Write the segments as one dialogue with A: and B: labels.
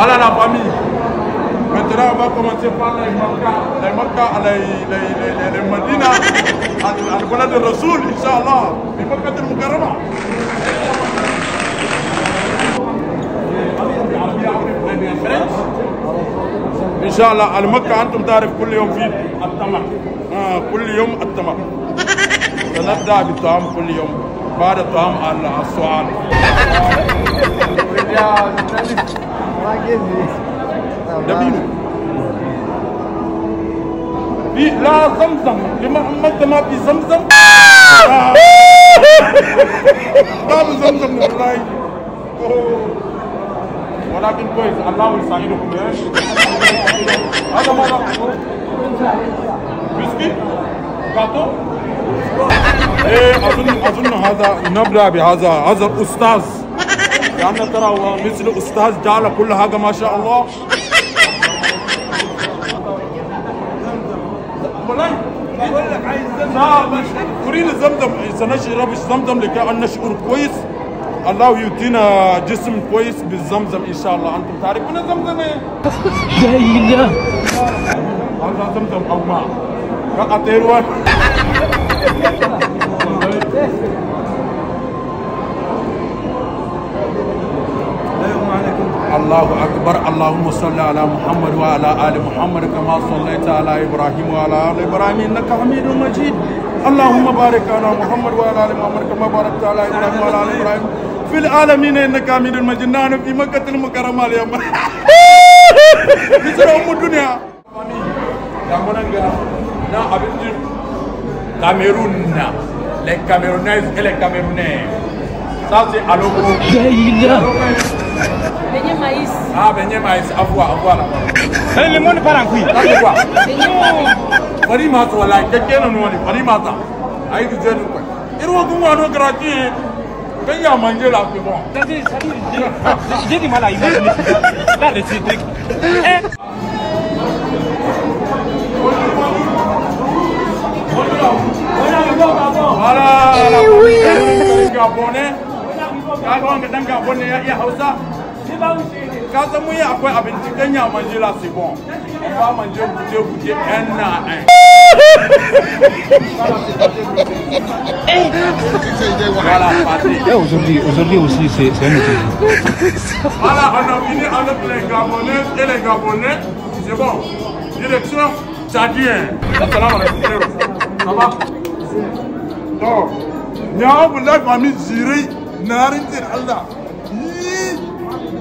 A: Voilà la famille. Maintenant, on va commencer par les Makka, les Makka, les, les, les, les, les Madina, le wala de Rasoul, Inch'Allah, les Makka de Mukarama. ان شاء الله المكه انتم تعرف كل يوم في التمر آه كل يوم التمر سنبدا بالطعام كل يوم بعد الطعام السؤال لا زمزم لما عملت ما في زمزم لا زمزم والله ولكن كويس الله يساعدكم ايش هذا ما بسكيت كاتو ايه اظن اظن هذا نبدا بهذا هذا الاستاذ يا عم ترى هو مثل استاذ جعل كل حاجه ما شاء الله بقول لك عايز زمزم كورين الزمزم سنشرب الزمزم لكي ان نشعر كويس الله يدينا جسم كويس بالزمزم ان شاء الله انتم تعرفون الزمزم ايه؟ جيدة هذا زمزم او ما فقط الله أكبر اللهم صل على محمد وعلى آل محمد كما صليت على إبراهيم وعلى آل إبراهيم إنك حميد مجيد اللهم بارك على محمد وعلى آل محمد كما باركت على إبراهيم وعلى آل إبراهيم في العالمين إنك حميد مجيد نحن في مكة المكرمة اليوم بسر أم الدنيا نا أبنجر كاميرون les Camerounaises et les Camerounais. Ça, c'est à l'eau. Benye maïs. Ah, benye maïs. Avoua, avoua là. Mais eh, le monde parle en couille. Ah, T'as quoi Fari mata wallahi kake na nuna ne fari mata. Ai ki je duk. Irwo kun wano karatu ne. Kan ya manje la ku bon. Jadi sadi je. Je di mala yi. Là le titre. Eh.
B: Voilà. Voilà. Eh
A: gabonais. Gabon, Gabon, Gabon, ya Hausa. ka san mun yi akwai abinci kan ya manje la c'est bon On va ba manje buje buje en na en voilà, eh, aujourd'hui, aujourd'hui aussi, c'est un autre Voilà, on a fini avec les Gabonais et les Gabonais. C'est bon. Direction Tchadien. Ça va Donc, Nyaw la Mami Jiri, Narintin Allah.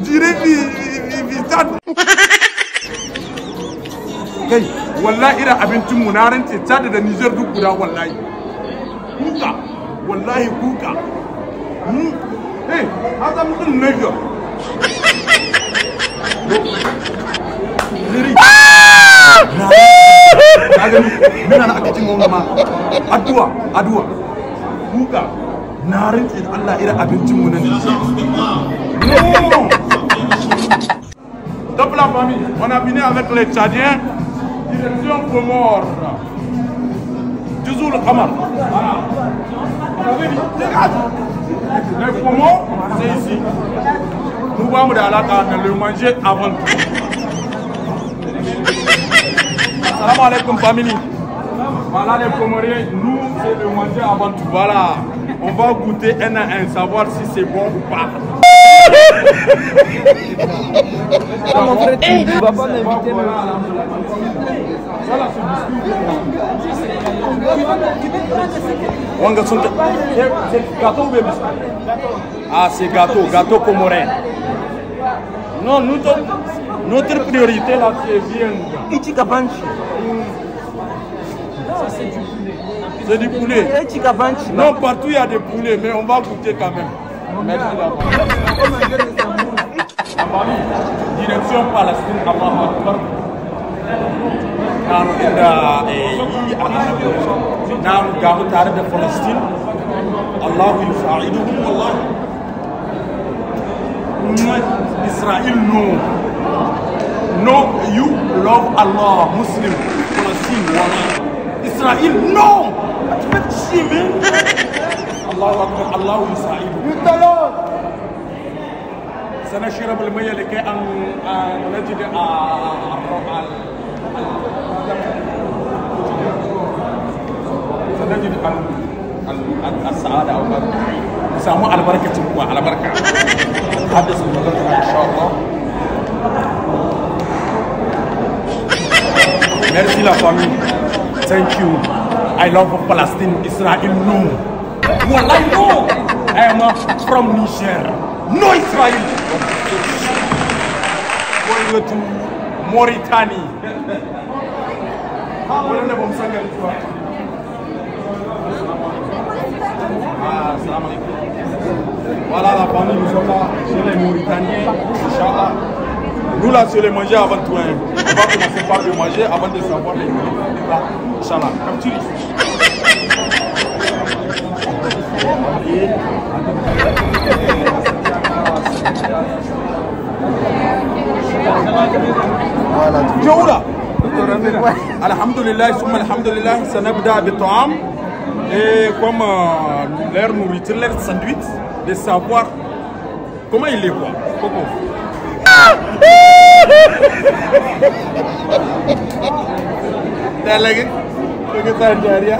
A: jire vitan kai wallahi irin abincin mu na rance da Niger duk guda wallahi kuka wallahi kuka hmm? eh na jiri muna na ma addu'a addu'a kuka na rance Allah irin abincin mu na Niger On a fini avec les Tchadiens, direction Comore. Toujours le Hamar. Voilà. Le Comores, c'est ici. Nous allons le manger avant le manger avant Salam alaikum famille. Voilà les Comoriens, nous c'est le manger avant tout. Voilà, on va goûter un à un, savoir si c'est bon ou pas.
B: Ah, eh, mon frère, tu ne vas pas m'inviter mais...
A: Wanga sont c'est gâteau ou Ah, c'est gâteau, gâteau comoré. Non, notre, notre priorité là, c'est bien. Ça, c'est du poulet. C'est du poulet. Non, partout il y a des poulets, mais on va goûter quand même. Merci d'avoir. direction Palestine Allahu Akbar na rufe da yi a eh, kasar na ruga mu tare da Palestine Allahu yusa'iduhum wallahi Israel no No, you love Allah, Muslim, Palestine, Wala. Israel, no! What about Shimon? Allah, Allah, Allah, Israel. You tell us. سنشرب المية لكي أن نجد سنجد السعادة أو سامو على بركة على بركة هذا سنجد إن شاء الله Merci la famille. Thank you. I love Palestine, Israel, no. Well, I know. I am from Niger. Non Israël Mauritanie Voilà la pandémie nous sommes là chez les Mauritaniens, Inch'Allah. Nous là, c'est les manger avant tout. Hein. On va commencer par le manger avant de savoir les Mauritaniens. Inch'Allah. Comme tu dis. جولة الحمد لله ثم الحمد لله سنبدأ بالطعام كما لير نوريتر لير ساندويت دي سافوار كما يلي كوا كوكو تعال كيف تعال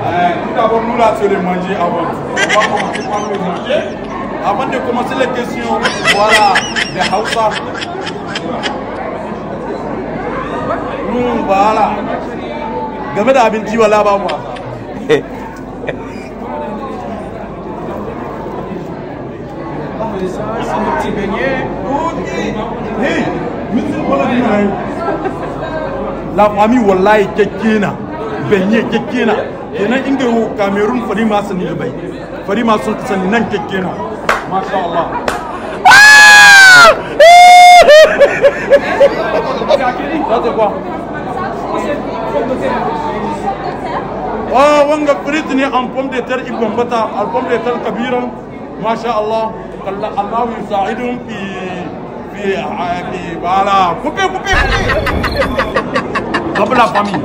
A: Tout d'abord, nous là, c'est les manger avant. tout. On va commencer par le manger. Avant de commencer les questions, voilà, les Hausa. Nous, voilà. Game da abinci wala voilà, bah, moi. La famille wallahi kekkena. benye kekena kenan inge yo cameroon fari ma sani ga bai fari ma sun sani nan kekena ma sha Allah Oh, wanga frit ne an pomme de terre igombata al pomme de terre ma sha Allah kalla Allah yusaidum fi fi ah, fi bala coupe coupe coupe la famille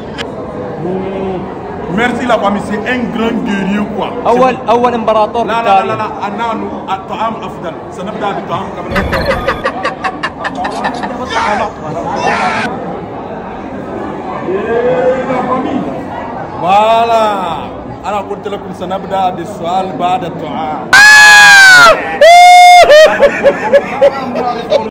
A: merci la famille c'est un grand guerrier quoi awal awal imperator la la la la ananu at'am afdal sanabda bi ta'am kamna voilà ala qult lakum sanabda bi su'al ba'da ta'am